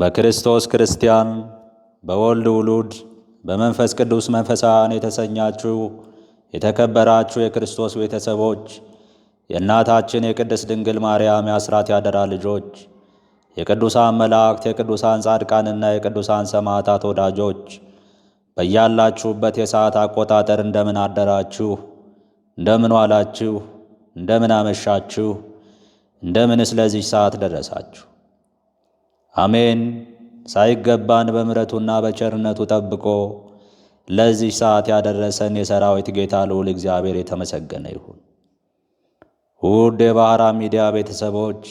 በክርስቶስ ክርስቲያን በወልድ ውሉድ በመንፈስ ቅዱስ መንፈሳን የተሰኛችሁ የተከበራችሁ የክርስቶስ ቤተሰቦች የእናታችን የቅድስት ድንግል ማርያም የአስራት ያደራ ልጆች የቅዱሳን መላእክት የቅዱሳን ጻድቃንና የቅዱሳን ሰማዕታት ወዳጆች በያላችሁበት የሰዓት አቆጣጠር እንደምን አደራችሁ? እንደምን ዋላችሁ? እንደምን አመሻችሁ? እንደምን ስለዚህ ሰዓት ደረሳችሁ? አሜን። ሳይገባን በምረቱና በቸርነቱ ጠብቆ ለዚህ ሰዓት ያደረሰን የሰራዊት ጌታ ልዑል እግዚአብሔር የተመሰገነ ይሁን። ውድ የባህራ ሚዲያ ቤተሰቦች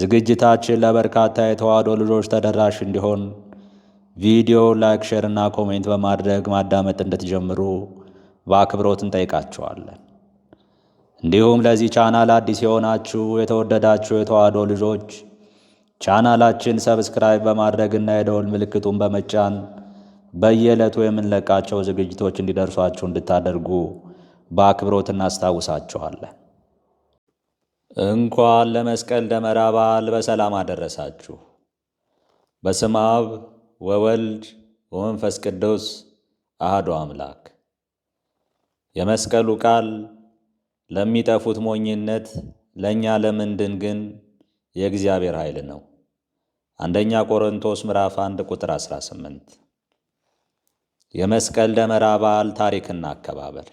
ዝግጅታችን ለበርካታ የተዋህዶ ልጆች ተደራሽ እንዲሆን ቪዲዮ ላይክ፣ ሼር እና ኮሜንት በማድረግ ማዳመጥ እንድትጀምሩ በአክብሮት እንጠይቃችኋለን። እንዲሁም ለዚህ ቻናል አዲስ የሆናችሁ የተወደዳችሁ የተዋህዶ ልጆች ቻናላችን ሰብስክራይብ በማድረግና የደወል ምልክቱን በመጫን በየዕለቱ የምንለቃቸው ዝግጅቶች እንዲደርሷችሁ እንድታደርጉ በአክብሮት እናስታውሳችኋለን። እንኳን ለመስቀል ደመራ በዓል በሰላም አደረሳችሁ። በስመ አብ ወወልድ ወመንፈስ ቅዱስ አህዶ አምላክ። የመስቀሉ ቃል ለሚጠፉት ሞኝነት፣ ለእኛ ለምንድን ግን የእግዚአብሔር ኃይል ነው። አንደኛ ቆሮንቶስ ምዕራፍ 1 ቁጥር 18። የመስቀል ደመራ በዓል ታሪክና አከባበር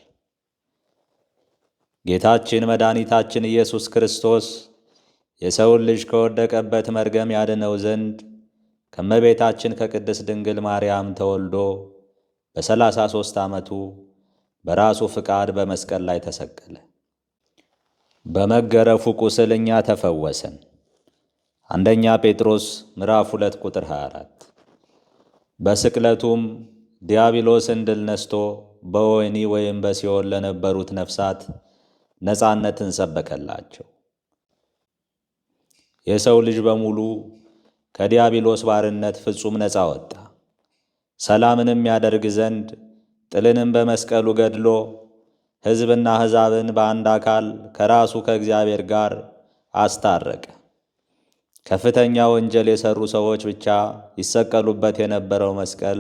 ጌታችን መድኃኒታችን ኢየሱስ ክርስቶስ የሰውን ልጅ ከወደቀበት መርገም ያድነው ዘንድ ከመቤታችን ከቅድስት ድንግል ማርያም ተወልዶ በሰላሳ 33 ዓመቱ በራሱ ፍቃድ በመስቀል ላይ ተሰቀለ። በመገረፉ ቁስል እኛ ተፈወሰን። አንደኛ ጴጥሮስ ምዕራፍ 2 ቁጥር 24 በስቅለቱም ዲያብሎስን ድል ነስቶ በወህኒ ወይም በሲኦል ለነበሩት ነፍሳት ነፃነትን ሰበከላቸው። የሰው ልጅ በሙሉ ከዲያብሎስ ባርነት ፍጹም ነፃ ወጣ። ሰላምንም ያደርግ ዘንድ ጥልንም በመስቀሉ ገድሎ ሕዝብና አሕዛብን በአንድ አካል ከራሱ ከእግዚአብሔር ጋር አስታረቀ። ከፍተኛ ወንጀል የሰሩ ሰዎች ብቻ ይሰቀሉበት የነበረው መስቀል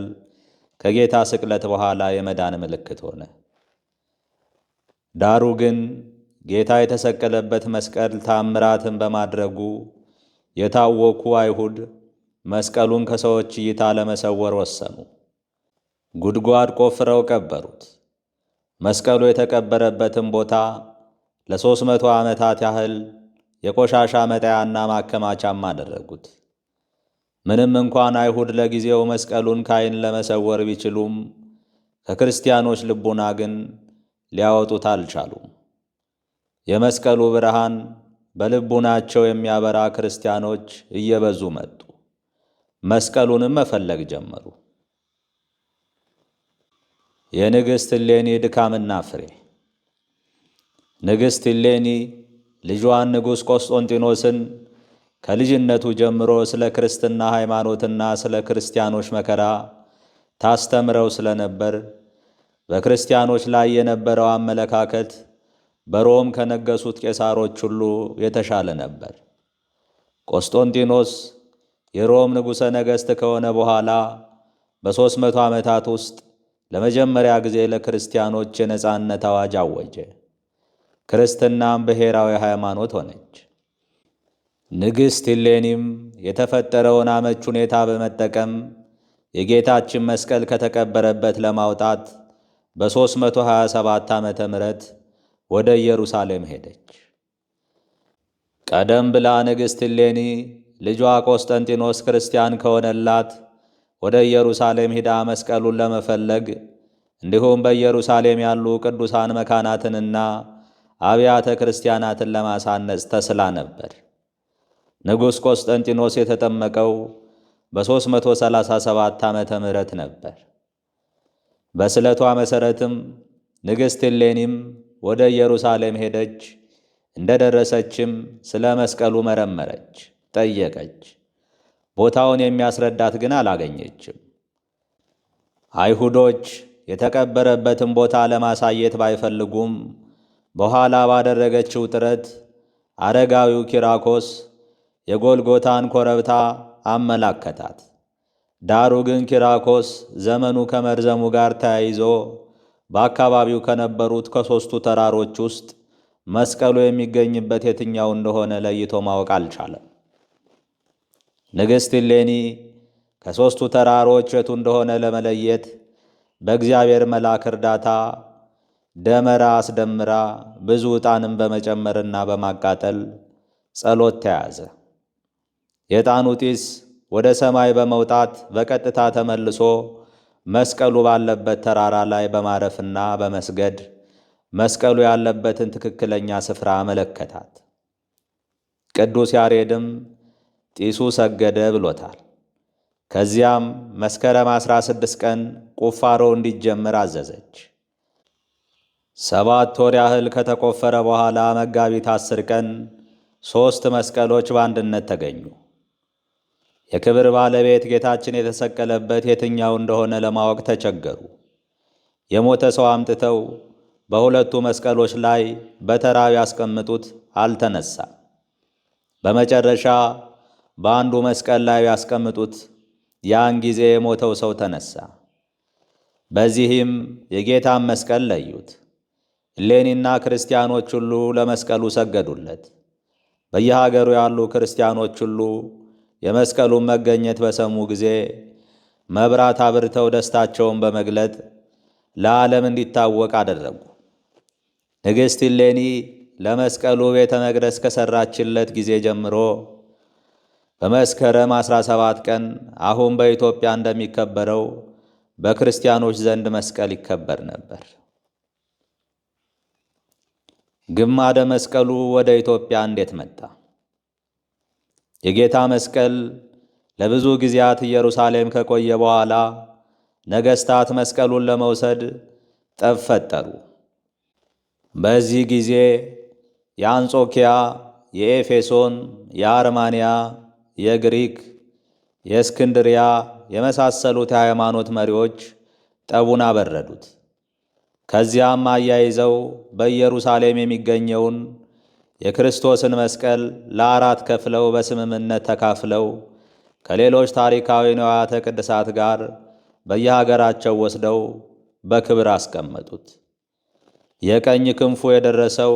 ከጌታ ስቅለት በኋላ የመዳን ምልክት ሆነ። ዳሩ ግን ጌታ የተሰቀለበት መስቀል ታምራትን በማድረጉ የታወኩ አይሁድ መስቀሉን ከሰዎች እይታ ለመሰወር ወሰኑ። ጉድጓድ ቆፍረው ቀበሩት። መስቀሉ የተቀበረበትን ቦታ ለሦስት መቶ ዓመታት ያህል የቆሻሻ መጣያና ማከማቻም አደረጉት። ምንም እንኳን አይሁድ ለጊዜው መስቀሉን ከዓይን ለመሰወር ቢችሉም ከክርስቲያኖች ልቡና ግን ሊያወጡት አልቻሉም። የመስቀሉ ብርሃን በልቡናቸው የሚያበራ ክርስቲያኖች እየበዙ መጡ። መስቀሉንም መፈለግ ጀመሩ። የንግሥት እሌኒ ድካምና ፍሬ ንግሥት እሌኒ ልጇን ንጉሥ ቆስጦንጢኖስን ከልጅነቱ ጀምሮ ስለ ክርስትና ሃይማኖትና ስለ ክርስቲያኖች መከራ ታስተምረው ስለነበር በክርስቲያኖች ላይ የነበረው አመለካከት በሮም ከነገሱት ቄሳሮች ሁሉ የተሻለ ነበር። ቆስጦንጢኖስ የሮም ንጉሠ ነገሥት ከሆነ በኋላ በሦስት መቶ ዓመታት ውስጥ ለመጀመሪያ ጊዜ ለክርስቲያኖች የነፃነት አዋጅ አወጀ። ክርስትናም ብሔራዊ ሃይማኖት ሆነች። ንግሥት ሂሌኒም የተፈጠረውን አመች ሁኔታ በመጠቀም የጌታችን መስቀል ከተቀበረበት ለማውጣት በ327 ዓ ም ወደ ኢየሩሳሌም ሄደች። ቀደም ብላ ንግሥት ሂሌኒ ልጇ ቆስጠንጢኖስ ክርስቲያን ከሆነላት ወደ ኢየሩሳሌም ሂዳ መስቀሉን ለመፈለግ እንዲሁም በኢየሩሳሌም ያሉ ቅዱሳን መካናትንና አብያተ ክርስቲያናትን ለማሳነጽ ተስላ ነበር። ንጉሥ ቆስጠንጢኖስ የተጠመቀው በ337 ዓመተ ምህረት ነበር። በስለቷ መሠረትም ንግሥት ሌኒም ወደ ኢየሩሳሌም ሄደች። እንደደረሰችም ስለ መስቀሉ መረመረች፣ ጠየቀች። ቦታውን የሚያስረዳት ግን አላገኘችም። አይሁዶች የተቀበረበትን ቦታ ለማሳየት ባይፈልጉም በኋላ ባደረገችው ጥረት አረጋዊው ኪራኮስ የጎልጎታን ኮረብታ አመላከታት። ዳሩ ግን ኪራኮስ ዘመኑ ከመርዘሙ ጋር ተያይዞ በአካባቢው ከነበሩት ከሦስቱ ተራሮች ውስጥ መስቀሉ የሚገኝበት የትኛው እንደሆነ ለይቶ ማወቅ አልቻለም። ንግሥት ሌኒ ከሦስቱ ተራሮች የቱ እንደሆነ ለመለየት በእግዚአብሔር መልአክ እርዳታ ደመራ አስደምራ ብዙ ዕጣንም በመጨመርና በማቃጠል ጸሎት ተያዘ። የዕጣኑ ጢስ ወደ ሰማይ በመውጣት በቀጥታ ተመልሶ መስቀሉ ባለበት ተራራ ላይ በማረፍና በመስገድ መስቀሉ ያለበትን ትክክለኛ ስፍራ አመለከታት። ቅዱስ ያሬድም ጢሱ ሰገደ ብሎታል። ከዚያም መስከረም 16 ቀን ቁፋሮ እንዲጀምር አዘዘች። ሰባት ወር ያህል ከተቆፈረ በኋላ መጋቢት አስር ቀን ሦስት መስቀሎች በአንድነት ተገኙ። የክብር ባለቤት ጌታችን የተሰቀለበት የትኛው እንደሆነ ለማወቅ ተቸገሩ። የሞተ ሰው አምጥተው በሁለቱ መስቀሎች ላይ በተራው ያስቀምጡት፣ አልተነሳም። በመጨረሻ በአንዱ መስቀል ላይ ያስቀምጡት፣ ያን ጊዜ የሞተው ሰው ተነሳ። በዚህም የጌታን መስቀል ለዩት። እሌኒና ክርስቲያኖች ሁሉ ለመስቀሉ ሰገዱለት። በየሀገሩ ያሉ ክርስቲያኖች ሁሉ የመስቀሉን መገኘት በሰሙ ጊዜ መብራት አብርተው ደስታቸውን በመግለጥ ለዓለም እንዲታወቅ አደረጉ። ንግሥት እሌኒ ለመስቀሉ ቤተ መቅደስ ከሠራችለት ጊዜ ጀምሮ በመስከረም 17 ቀን አሁን በኢትዮጵያ እንደሚከበረው በክርስቲያኖች ዘንድ መስቀል ይከበር ነበር። ግማደ መስቀሉ ወደ ኢትዮጵያ እንዴት መጣ? የጌታ መስቀል ለብዙ ጊዜያት ኢየሩሳሌም ከቆየ በኋላ ነገሥታት መስቀሉን ለመውሰድ ጠብ ፈጠሩ። በዚህ ጊዜ የአንጾኪያ፣ የኤፌሶን፣ የአርማንያ፣ የግሪክ፣ የእስክንድሪያ የመሳሰሉት የሃይማኖት መሪዎች ጠቡን አበረዱት። ከዚያም አያይዘው በኢየሩሳሌም የሚገኘውን የክርስቶስን መስቀል ለአራት ከፍለው በስምምነት ተካፍለው ከሌሎች ታሪካዊ ንዋያተ ቅድሳት ጋር በየሀገራቸው ወስደው በክብር አስቀመጡት። የቀኝ ክንፉ የደረሰው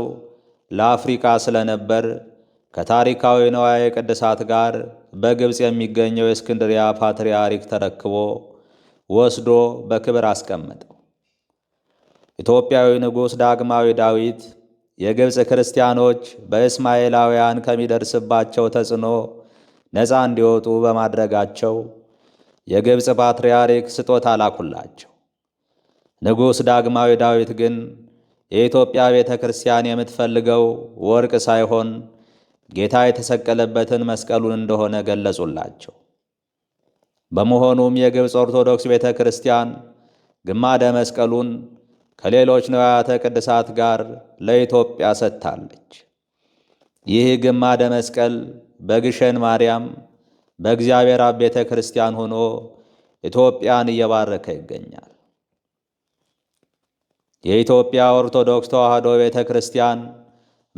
ለአፍሪካ ስለነበር ከታሪካዊ ንዋየ ቅድሳት ጋር በግብፅ የሚገኘው የእስክንድሪያ ፓትሪያሪክ ተረክቦ ወስዶ በክብር አስቀመጠው። ኢትዮጵያዊ ንጉሥ ዳግማዊ ዳዊት የግብፅ ክርስቲያኖች በእስማኤላውያን ከሚደርስባቸው ተጽዕኖ ነፃ እንዲወጡ በማድረጋቸው የግብፅ ፓትርያርክ ስጦታ አላኩላቸው። ንጉሥ ዳግማዊ ዳዊት ግን የኢትዮጵያ ቤተ ክርስቲያን የምትፈልገው ወርቅ ሳይሆን ጌታ የተሰቀለበትን መስቀሉን እንደሆነ ገለጹላቸው። በመሆኑም የግብፅ ኦርቶዶክስ ቤተ ክርስቲያን ግማደ መስቀሉን ከሌሎች ንዋያተ ቅድሳት ጋር ለኢትዮጵያ ሰጥታለች። ይህ ግማደ መስቀል በግሸን ማርያም በእግዚአብሔር አብ ቤተ ክርስቲያን ሆኖ ኢትዮጵያን እየባረከ ይገኛል። የኢትዮጵያ ኦርቶዶክስ ተዋሕዶ ቤተ ክርስቲያን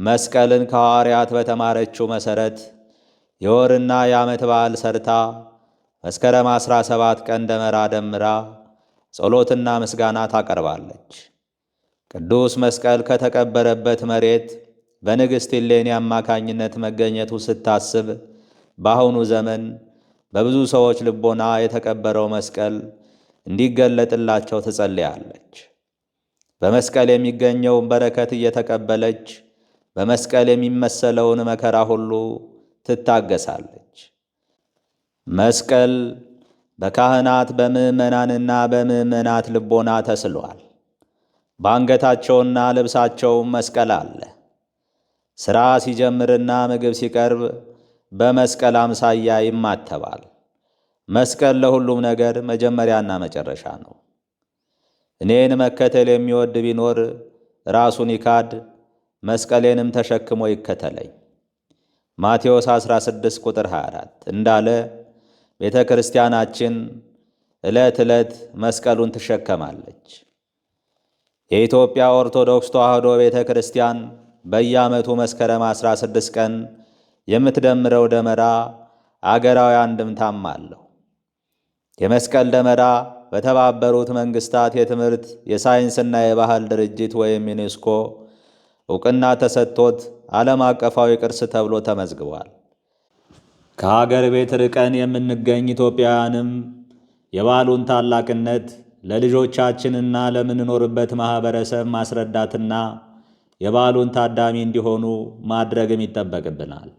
መስቀልን ከሐዋርያት በተማረችው መሠረት የወርና የዓመት በዓል ሰርታ መስከረም 17 ቀን ደመራ ደምራ ጸሎትና ምስጋና ታቀርባለች። ቅዱስ መስቀል ከተቀበረበት መሬት በንግሥት ሌኒ አማካኝነት መገኘቱ ስታስብ በአሁኑ ዘመን በብዙ ሰዎች ልቦና የተቀበረው መስቀል እንዲገለጥላቸው ትጸልያለች። በመስቀል የሚገኘውን በረከት እየተቀበለች በመስቀል የሚመሰለውን መከራ ሁሉ ትታገሳለች። መስቀል በካህናት በምዕመናንና በምዕመናት ልቦና ተስሏል። በአንገታቸውና ልብሳቸውም መስቀል አለ። ሥራ ሲጀምርና ምግብ ሲቀርብ በመስቀል አምሳያ ይማተባል። መስቀል ለሁሉም ነገር መጀመሪያና መጨረሻ ነው። እኔን መከተል የሚወድ ቢኖር ራሱን ይካድ፣ መስቀሌንም ተሸክሞ ይከተለኝ። ማቴዎስ 16 ቁጥር 24 እንዳለ ቤተ ክርስቲያናችን ዕለት ዕለት መስቀሉን ትሸከማለች። የኢትዮጵያ ኦርቶዶክስ ተዋሕዶ ቤተ ክርስቲያን በየዓመቱ መስከረም 16 ቀን የምትደምረው ደመራ አገራዊ አንድምታም አለው። የመስቀል ደመራ በተባበሩት መንግስታት የትምህርት የሳይንስና የባህል ድርጅት ወይም ዩኔስኮ እውቅና ተሰጥቶት ዓለም አቀፋዊ ቅርስ ተብሎ ተመዝግቧል። ከሀገር ቤት ርቀን የምንገኝ ኢትዮጵያውያንም የባሉን ታላቅነት ለልጆቻችንና ለምንኖርበት ማኅበረሰብ ማስረዳትና የባሉን ታዳሚ እንዲሆኑ ማድረግም ይጠበቅብናል።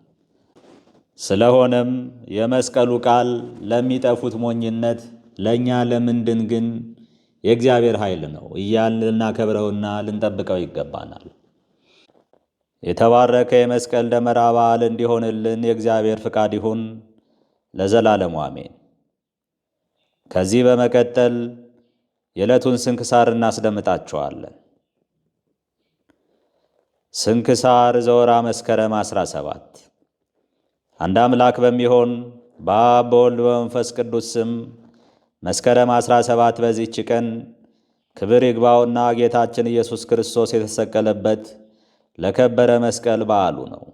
ስለሆነም የመስቀሉ ቃል ለሚጠፉት ሞኝነት፣ ለእኛ ለምንድን ግን የእግዚአብሔር ኃይል ነው እያልን ልናከብረውና ልንጠብቀው ይገባናል። የተባረከ የመስቀል ደመራ በዓል እንዲሆንልን የእግዚአብሔር ፍቃድ ይሁን ለዘላለሙ አሜን። ከዚህ በመቀጠል የዕለቱን ስንክሳር እናስደምጣችኋለን። ስንክሳር ዘወራ መስከረም 17 አንድ አምላክ በሚሆን በአብ በወልድ በመንፈስ ቅዱስ ስም መስከረም 17 በዚህች ቀን ክብር ይግባውና ጌታችን ኢየሱስ ክርስቶስ የተሰቀለበት ለከበረ መስቀል በዓሉ ነው።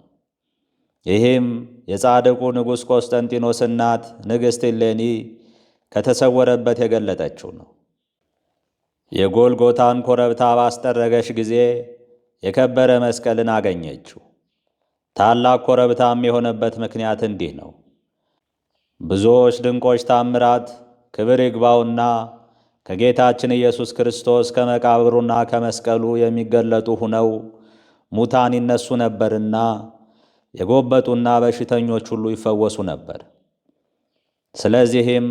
ይህም የጻድቁ ንጉሥ ቆስጠንጢኖስ እናት ንግሥት ሌኒ ከተሰወረበት የገለጠችው ነው። የጎልጎታን ኮረብታ ባስጠረገች ጊዜ የከበረ መስቀልን አገኘችው። ታላቅ ኮረብታም የሆነበት ምክንያት እንዲህ ነው። ብዙዎች ድንቆች ታምራት ክብር ይግባውና ከጌታችን ኢየሱስ ክርስቶስ ከመቃብሩና ከመስቀሉ የሚገለጡ ሁነው ሙታን ይነሱ ነበርና የጎበጡና በሽተኞች ሁሉ ይፈወሱ ነበር። ስለዚህም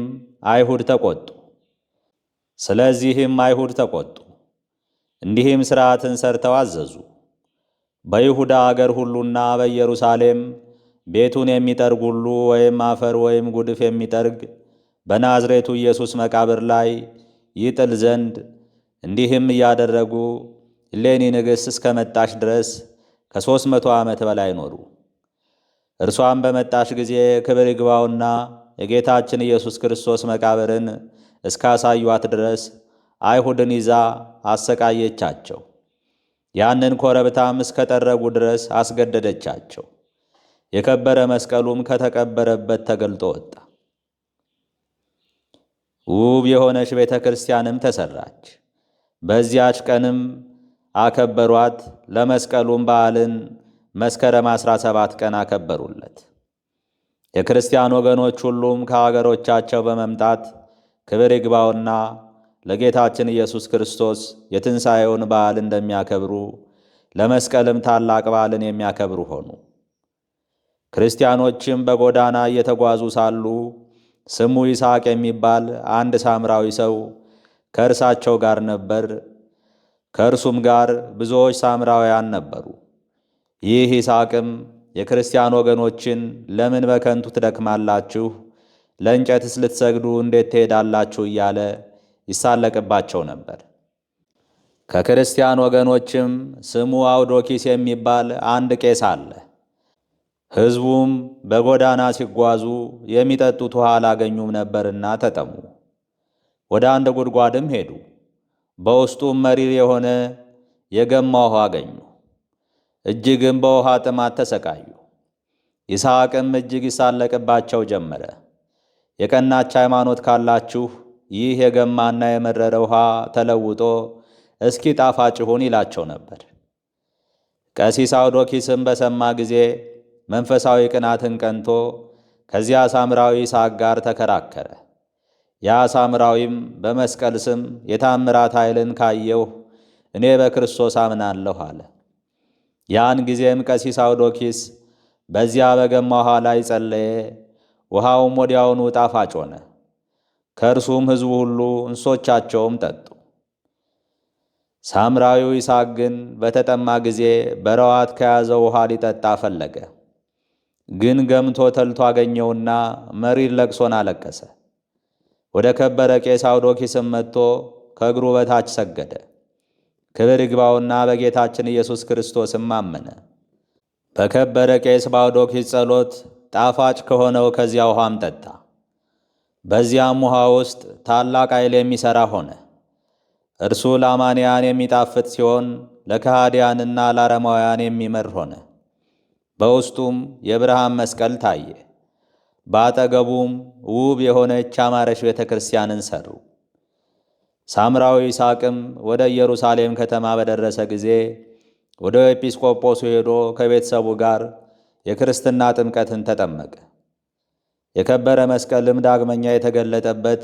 አይሁድ ተቆጡ። ስለዚህም አይሁድ ተቆጡ። እንዲህም ሥርዓትን ሰርተው አዘዙ። በይሁዳ አገር ሁሉና በኢየሩሳሌም ቤቱን የሚጠርግ ሁሉ ወይም አፈር ወይም ጉድፍ የሚጠርግ በናዝሬቱ ኢየሱስ መቃብር ላይ ይጥል ዘንድ እንዲህም እያደረጉ እሌኒ ንግሥት መጣሽ ድረስ ከሦስት መቶ ዓመት በላይ ኖሩ። እርሷም በመጣሽ ጊዜ ክብር ይግባውና የጌታችን ኢየሱስ ክርስቶስ መቃብርን እስካሳዩት ድረስ አይሁድን ይዛ አሰቃየቻቸው። ያንን ኮረብታም እስከጠረጉ ድረስ አስገደደቻቸው። የከበረ መስቀሉም ከተቀበረበት ተገልጦ ወጣ። ውብ የሆነች ቤተ ክርስቲያንም ተሰራች። በዚያች ቀንም አከበሯት። ለመስቀሉም በዓልን መስከረም 17 ቀን አከበሩለት። የክርስቲያን ወገኖች ሁሉም ከአገሮቻቸው በመምጣት ክብር ይግባውና ለጌታችን ኢየሱስ ክርስቶስ የትንሣኤውን በዓል እንደሚያከብሩ ለመስቀልም ታላቅ በዓልን የሚያከብሩ ሆኑ። ክርስቲያኖችም በጎዳና እየተጓዙ ሳሉ ስሙ ይስሐቅ የሚባል አንድ ሳምራዊ ሰው ከእርሳቸው ጋር ነበር። ከእርሱም ጋር ብዙዎች ሳምራውያን ነበሩ። ይህ ይስሐቅም የክርስቲያን ወገኖችን ለምን በከንቱ ትደክማላችሁ? ለእንጨትስ ልትሰግዱ እንዴት ትሄዳላችሁ? እያለ ይሳለቅባቸው ነበር። ከክርስቲያን ወገኖችም ስሙ አውዶኪስ የሚባል አንድ ቄስ አለ። ሕዝቡም በጎዳና ሲጓዙ የሚጠጡት ውሃ አላገኙም ነበርና ተጠሙ። ወደ አንድ ጉድጓድም ሄዱ። በውስጡም መሪር የሆነ የገማ ውሃ አገኙ። እጅግም በውሃ ጥማት ተሰቃዩ። ይስሐቅም እጅግ ይሳለቅባቸው ጀመረ። የቀናች ሃይማኖት ካላችሁ ይህ የገማና የመረረ ውሃ ተለውጦ እስኪ ጣፋጭ ሁን ይላቸው ነበር። ቀሲስ አውዶኪስም በሰማ ጊዜ መንፈሳዊ ቅናትን ቀንቶ ከዚያ ሳምራዊ ይስሐቅ ጋር ተከራከረ። ያ ሳምራዊም በመስቀል ስም የታምራት ኃይልን ካየሁ እኔ በክርስቶስ አምናለሁ አለ። ያን ጊዜም ቀሲስ አውዶኪስ በዚያ በገማ ውሃ ላይ ጸለየ። ውሃውም ወዲያውኑ ጣፋጭ ሆነ። ከእርሱም ሕዝቡ ሁሉ እንስሶቻቸውም ጠጡ። ሳምራዊው ይስሐቅ ግን በተጠማ ጊዜ በረዋት ከያዘው ውሃ ሊጠጣ ፈለገ፣ ግን ገምቶ ተልቶ አገኘውና መሪር ለቅሶን አለቀሰ። ወደ ከበረ ቄስ አውዶኪስም መጥቶ ከእግሩ በታች ሰገደ። ክብር ይግባውና በጌታችን ኢየሱስ ክርስቶስም አመነ። በከበረ ቄስ ባውዶኪስ ጸሎት ጣፋጭ ከሆነው ከዚያ ውሃም ጠጣ። በዚያም ውሃ ውስጥ ታላቅ ኃይል የሚሠራ ሆነ። እርሱ ለአማንያን የሚጣፍጥ ሲሆን ለከሃዲያንና ለአረማውያን የሚመር ሆነ። በውስጡም የብርሃን መስቀል ታየ። በአጠገቡም ውብ የሆነች አማረች ቤተ ክርስቲያንን ሰሩ። ሳምራዊ ይስሐቅም ወደ ኢየሩሳሌም ከተማ በደረሰ ጊዜ ወደ ኤጲስቆጶሱ ሄዶ ከቤተሰቡ ጋር የክርስትና ጥምቀትን ተጠመቀ። የከበረ መስቀልም ዳግመኛ የተገለጠበት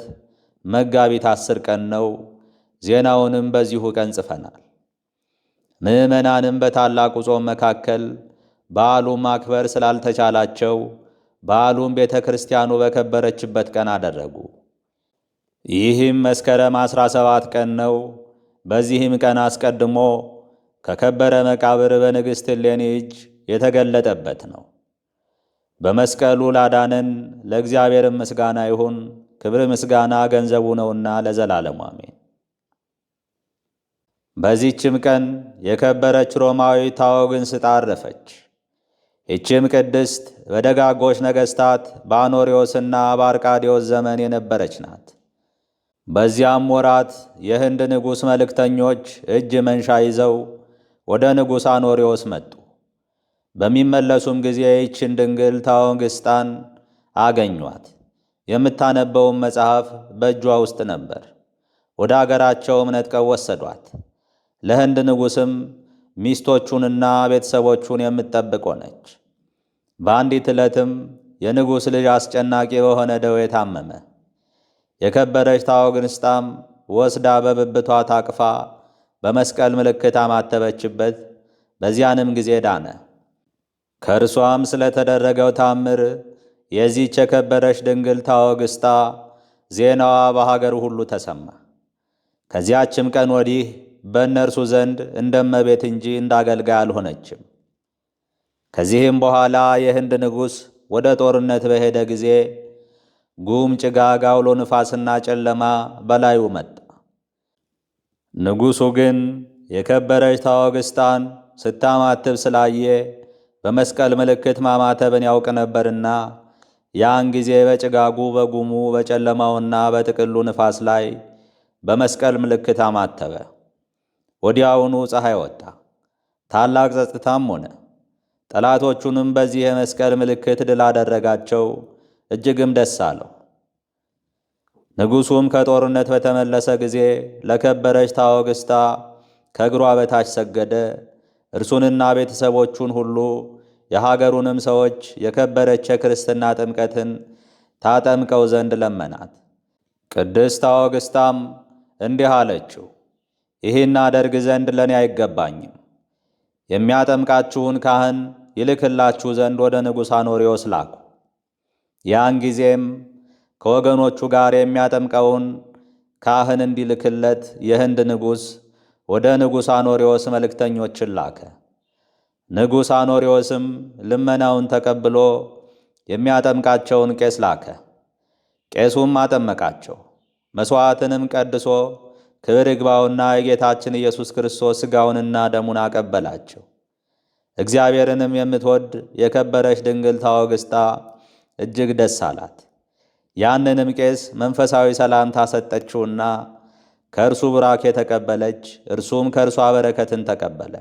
መጋቢት አስር ቀን ነው። ዜናውንም በዚሁ ቀን ጽፈናል። ምዕመናንም በታላቁ ጾም መካከል በዓሉ ማክበር ስላልተቻላቸው በዓሉም ቤተ ክርስቲያኑ በከበረችበት ቀን አደረጉ። ይህም መስከረም አስራ ቀን ነው። በዚህም ቀን አስቀድሞ ከከበረ መቃብር በንግሥት እሌኒ እጅ የተገለጠበት ነው። በመስቀሉ ላዳንን ለእግዚአብሔርም ምስጋና ይሁን። ክብር ምስጋና ገንዘቡ ነውና ለዘላለሙ አሜን። በዚህችም ቀን የከበረች ሮማዊ ታወግን ስጣ አረፈች። ይህችም ቅድስት በደጋጎች ነገሥታት በአኖሪዎስና በአርቃዲዎስ ዘመን የነበረች ናት። በዚያም ወራት የህንድ ንጉሥ መልእክተኞች እጅ መንሻ ይዘው ወደ ንጉሥ አኖሪዎስ መጡ። በሚመለሱም ጊዜ ይችን ድንግል ታወንግስጣን አገኟት። የምታነበውም መጽሐፍ በእጇ ውስጥ ነበር። ወደ አገራቸውም ነጥቀው ወሰዷት። ለህንድ ንጉሥም ሚስቶቹንና ቤተሰቦቹን የምትጠብቅ ሆነች። በአንዲት ዕለትም የንጉሥ ልጅ አስጨናቂ በሆነ ደዌ ታመመ። የከበረች ታወግንስታም ወስዳ በብብቷ ታቅፋ በመስቀል ምልክት አማተበችበት። በዚያንም ጊዜ ዳነ። ከእርሷም ስለተደረገው ታምር የዚች የከበረች ድንግል ታወግስታ ዜናዋ በሀገር ሁሉ ተሰማ። ከዚያችም ቀን ወዲህ በእነርሱ ዘንድ እንደመቤት እንጂ እንዳገልጋይ አልሆነችም። ከዚህም በኋላ የህንድ ንጉሥ ወደ ጦርነት በሄደ ጊዜ ጉም፣ ጭጋግ፣ አውሎ ንፋስና ጨለማ በላዩ መጣ። ንጉሡ ግን የከበረች ታወግስታን ስታማትብ ስላየ በመስቀል ምልክት ማማተብን ያውቅ ነበርና ያን ጊዜ በጭጋጉ በጉሙ በጨለማውና በጥቅሉ ንፋስ ላይ በመስቀል ምልክት አማተበ። ወዲያውኑ ፀሐይ ወጣ፣ ታላቅ ጸጥታም ሆነ። ጠላቶቹንም በዚህ የመስቀል ምልክት ድል አደረጋቸው፣ እጅግም ደስ አለው። ንጉሡም ከጦርነት በተመለሰ ጊዜ ለከበረች ታወግስታ ከእግሯ በታች ሰገደ። እርሱንና ቤተሰቦቹን ሁሉ የሀገሩንም ሰዎች የከበረች የክርስትና ጥምቀትን ታጠምቀው ዘንድ ለመናት። ቅድስት ታወግስታም እንዲህ አለችው፣ ይህን አደርግ ዘንድ ለእኔ አይገባኝም። የሚያጠምቃችሁን ካህን ይልክላችሁ ዘንድ ወደ ንጉሥ አኖሪዎስ ላኩ። ያን ጊዜም ከወገኖቹ ጋር የሚያጠምቀውን ካህን እንዲልክለት የህንድ ንጉሥ ወደ ንጉሥ አኖሪዎስ መልእክተኞችን ላከ። ንጉሥ አኖሪዎስም ልመናውን ተቀብሎ የሚያጠምቃቸውን ቄስ ላከ። ቄሱም አጠመቃቸው። መሥዋዕትንም ቀድሶ ክብር ይግባውና የጌታችን ኢየሱስ ክርስቶስ ሥጋውንና ደሙን አቀበላቸው። እግዚአብሔርንም የምትወድ የከበረች ድንግል ታወግስታ እጅግ ደስ አላት። ያንንም ቄስ መንፈሳዊ ሰላምታ ሰጠችውና ከእርሱ ቡራኬ ተቀበለች። እርሱም ከእርሷ በረከትን ተቀበለ።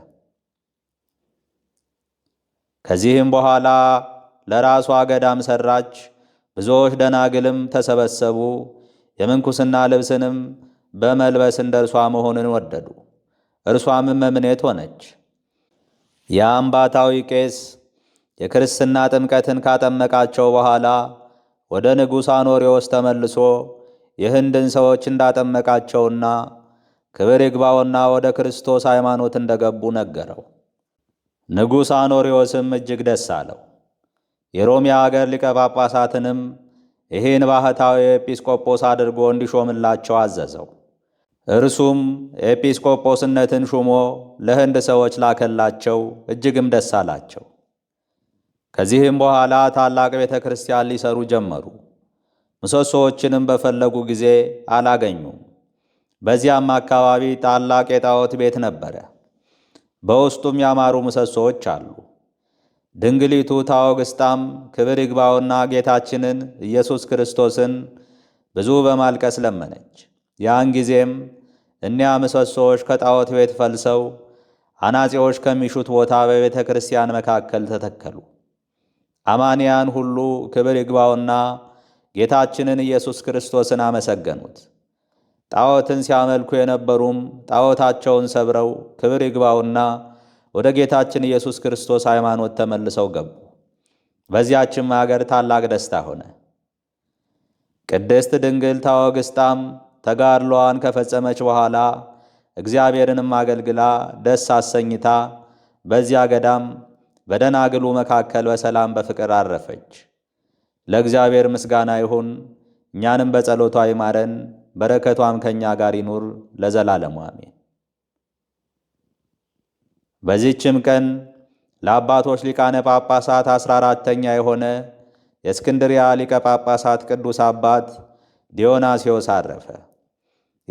ከዚህም በኋላ ለራሷ ገዳም ሰራች። ብዙዎች ደናግልም ተሰበሰቡ። የምንኩስና ልብስንም በመልበስ እንደ እርሷ መሆንን ወደዱ። እርሷም እመምኔት ሆነች። የአምባታዊ ቄስ የክርስትና ጥምቀትን ካጠመቃቸው በኋላ ወደ ንጉሥ አኖሪዎስ ተመልሶ የህንድን ሰዎች እንዳጠመቃቸውና ክብር ይግባውና ወደ ክርስቶስ ሃይማኖት እንደገቡ ነገረው። ንጉሥ አኖሪዎስም እጅግ ደስ አለው። የሮሚያ አገር ሊቀ ጳጳሳትንም ይህን ባህታዊ ኤጲስቆጶስ አድርጎ እንዲሾምላቸው አዘዘው። እርሱም ኤጲስቆጶስነትን ሹሞ ለህንድ ሰዎች ላከላቸው፣ እጅግም ደስ አላቸው። ከዚህም በኋላ ታላቅ ቤተ ክርስቲያን ሊሰሩ ጀመሩ። ምሰሶዎችንም በፈለጉ ጊዜ አላገኙም። በዚያም አካባቢ ታላቅ የጣዖት ቤት ነበረ። በውስጡም ያማሩ ምሰሶዎች አሉ። ድንግሊቱ ታወግስጣም ክብር ይግባውና ጌታችንን ኢየሱስ ክርስቶስን ብዙ በማልቀስ ለመነች። ያን ጊዜም እኒያ ምሰሶዎች ከጣዖት ቤት ፈልሰው አናጺዎች ከሚሹት ቦታ በቤተ ክርስቲያን መካከል ተተከሉ። አማንያን ሁሉ ክብር ይግባውና ጌታችንን ኢየሱስ ክርስቶስን አመሰገኑት። ጣዖትን ሲያመልኩ የነበሩም ጣዖታቸውን ሰብረው ክብር ይግባውና ወደ ጌታችን ኢየሱስ ክርስቶስ ሃይማኖት ተመልሰው ገቡ። በዚያችም አገር ታላቅ ደስታ ሆነ። ቅድስት ድንግል ታወግስጣም ተጋድሏን ከፈጸመች በኋላ እግዚአብሔርንም አገልግላ ደስ አሰኝታ በዚያ ገዳም በደናግሉ መካከል በሰላም በፍቅር አረፈች። ለእግዚአብሔር ምስጋና ይሁን፣ እኛንም በጸሎቷ ይማረን፣ በረከቷም ከእኛ ጋር ይኑር ለዘላለሙ አሜን። በዚህችም ቀን ለአባቶች ሊቃነ ጳጳሳት አስራ አራተኛ የሆነ የእስክንድሪያ ሊቀ ጳጳሳት ቅዱስ አባት ዲዮናስዮስ አረፈ።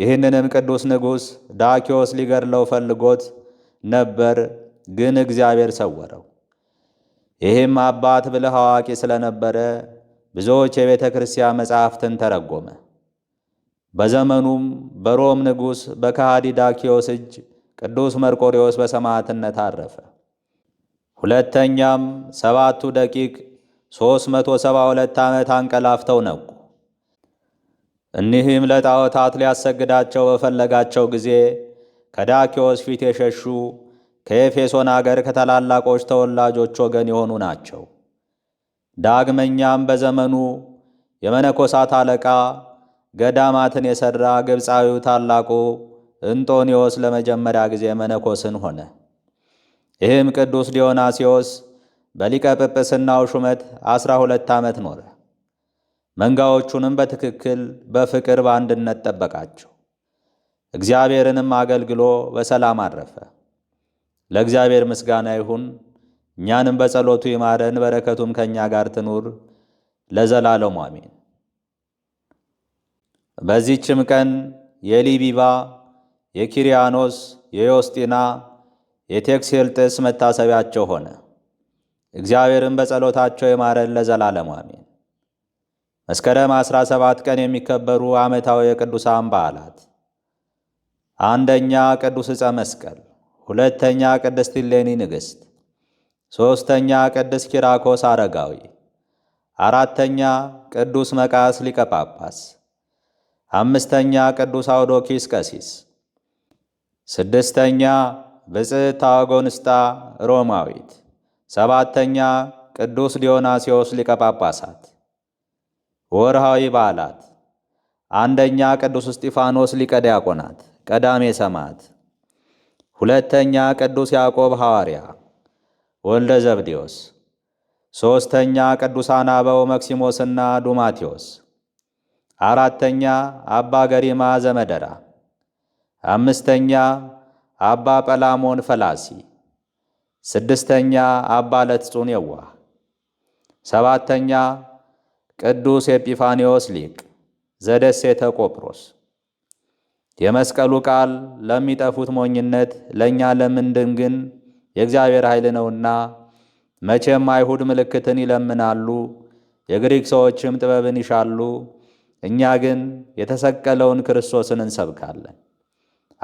ይህንንም ቅዱስ ንጉሥ ዳኪዎስ ሊገድለው ፈልጎት ነበር፣ ግን እግዚአብሔር ሰወረው። ይህም አባት ብልህ አዋቂ ስለነበረ ብዙዎች የቤተ ክርስቲያን መጻሕፍትን ተረጎመ። በዘመኑም በሮም ንጉሥ በከሃዲ ዳኪዎስ እጅ ቅዱስ መርቆሪዎስ በሰማዕትነት አረፈ። ሁለተኛም ሰባቱ ደቂቅ 372 ዓመት አንቀላፍተው ነቁ። እኒህም ለጣዖታት ሊያሰግዳቸው በፈለጋቸው ጊዜ ከዳኪዎስ ፊት የሸሹ ከኤፌሶን አገር ከታላላቆች ተወላጆች ወገን የሆኑ ናቸው። ዳግመኛም በዘመኑ የመነኮሳት አለቃ ገዳማትን የሠራ ግብፃዊው ታላቁ እንጦኒዎስ ለመጀመሪያ ጊዜ መነኮስን ሆነ። ይህም ቅዱስ ዲዮናሲዎስ በሊቀ ጵጵስናው ሹመት ዐሥራ ሁለት ዓመት ኖረ። መንጋዎቹንም በትክክል በፍቅር በአንድነት ጠበቃቸው። እግዚአብሔርንም አገልግሎ በሰላም አረፈ። ለእግዚአብሔር ምስጋና ይሁን፣ እኛንም በጸሎቱ ይማረን፣ በረከቱም ከእኛ ጋር ትኑር ለዘላለሙ አሜን። በዚህችም ቀን የሊቢባ የኪሪያኖስ የዮስጢና የቴክስሄልጥስ መታሰቢያቸው ሆነ። እግዚአብሔርን በጸሎታቸው ይማረን፣ ለዘላለሙ አሜን። መስከረም 17 ቀን የሚከበሩ ዓመታዊ የቅዱሳን በዓላት አንደኛ ቅዱስ ዕፀ መስቀል፣ ሁለተኛ ቅድስት ቲሌኒ ንግሥት፣ ሦስተኛ ቅድስ ኪራኮስ አረጋዊ፣ አራተኛ ቅዱስ መቃስ ሊቀ ጳጳስ፣ አምስተኛ ቅዱስ አውዶኪስ ቀሲስ፣ ስድስተኛ ብፅዕት ታጎንስጣ ሮማዊት፣ ሰባተኛ ቅዱስ ዲዮናስዮስ ሊቀ ጳጳሳት ወርሃዊ በዓላት አንደኛ ቅዱስ እስጢፋኖስ ሊቀ ዲያቆናት ቀዳሜ ሰማዕት፣ ሁለተኛ ቅዱስ ያዕቆብ ሐዋርያ ወልደ ዘብዴዎስ፣ ሦስተኛ ቅዱሳን አበው መክሲሞስና ዱማቴዎስ፣ አራተኛ አባ ገሪማ ዘመደራ፣ አምስተኛ አባ ጰላሞን ፈላሲ፣ ስድስተኛ አባ ለትጹን የዋህ፣ ሰባተኛ ቅዱስ ኤጲፋኒዎስ ሊቅ ዘደሴተ ቆጵሮስ የመስቀሉ ቃል ለሚጠፉት ሞኝነት ለእኛ ለምንድን ግን የእግዚአብሔር ኃይል ነውና መቼም አይሁድ ምልክትን ይለምናሉ፣ የግሪክ ሰዎችም ጥበብን ይሻሉ፣ እኛ ግን የተሰቀለውን ክርስቶስን እንሰብካለን።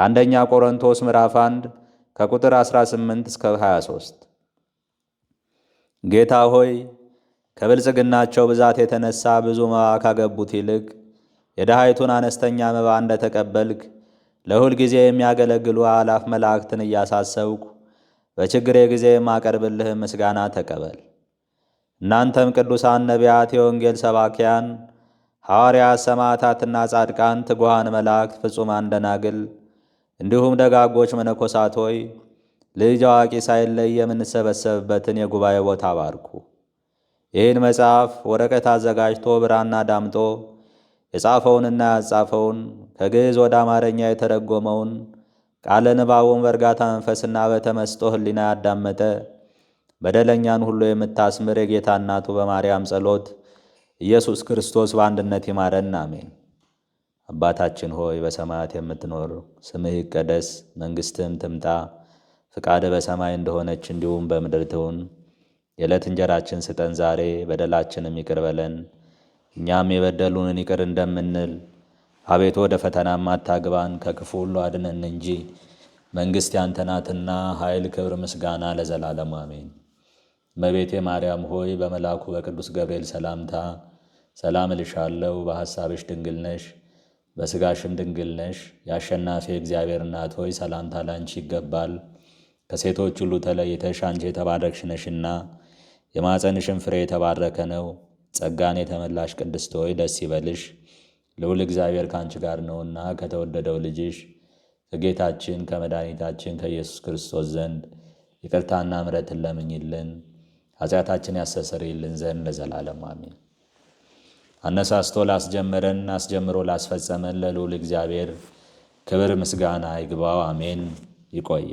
አንደኛ ቆሮንቶስ ምዕራፍ 1 ከቁጥር 18 እስከ 23 ጌታ ሆይ ከብልጽግናቸው ብዛት የተነሳ ብዙ መባ ካገቡት ይልቅ የድሃይቱን አነስተኛ መባ እንደተቀበልክ ለሁል ጊዜ የሚያገለግሉ አላፍ መላእክትን እያሳሰብኩ በችግሬ ጊዜ የማቀርብልህ ምስጋና ተቀበል። እናንተም ቅዱሳን ነቢያት፣ የወንጌል ሰባኪያን ሐዋርያት፣ ሰማዕታትና ጻድቃን፣ ትጉሃን መላእክት፣ ፍጹማን ደናግል፣ እንዲሁም ደጋጎች መነኮሳት ሆይ ልጅ አዋቂ ሳይለይ የምንሰበሰብበትን የጉባኤ ቦታ ባርኩ። ይህን መጽሐፍ ወረቀት አዘጋጅቶ ብራና ዳምጦ የጻፈውንና ያጻፈውን ከግዕዝ ወደ አማርኛ የተረጎመውን ቃለ ንባቡን በእርጋታ መንፈስና በተመስጦ ሕሊና ያዳመጠ በደለኛን ሁሉ የምታስምር የጌታ እናቱ በማርያም ጸሎት ኢየሱስ ክርስቶስ በአንድነት ይማረን፣ አሜን። አባታችን ሆይ በሰማያት የምትኖር ስምህ ይቀደስ፣ መንግሥትህም ትምጣ፣ ፍቃድህ በሰማይ እንደሆነች እንዲሁም በምድር ትሁን የዕለት እንጀራችን ስጠን ዛሬ፣ በደላችንም ይቅር በለን እኛም የበደሉንን ይቅር እንደምንል። አቤቱ ወደ ፈተና ማታግባን ከክፉ ሁሉ አድነን እንጂ መንግሥት ያንተ ናትና፣ ኃይል፣ ክብር፣ ምስጋና ለዘላለሙ አሜን። እመቤቴ ማርያም ሆይ በመልአኩ በቅዱስ ገብርኤል ሰላምታ ሰላም እልሻለሁ። በሐሳብሽ ድንግል ነሽ፣ በሥጋሽም ድንግል ነሽ። የአሸናፊ እግዚአብሔር እናት ሆይ ሰላምታ ላንቺ ይገባል። ከሴቶች ሁሉ ተለይተሽ አንቺ የተባረክሽ ነሽና የማኅፀንሽም ፍሬ የተባረከ ነው። ጸጋን የተመላሽ ቅድስት ሆይ ደስ ይበልሽ፣ ልዑል እግዚአብሔር ከአንቺ ጋር ነውና ከተወደደው ልጅሽ ከጌታችን ከመድኃኒታችን ከኢየሱስ ክርስቶስ ዘንድ ይቅርታና ምረትን ለምኝልን ኃጢአታችን ያስተሰርይልን ዘንድ ለዘላለም አሜን። አነሳስቶ ላስጀመረን አስጀምሮ ላስፈጸመን ለልዑል እግዚአብሔር ክብር ምስጋና ይግባው፣ አሜን። ይቆየ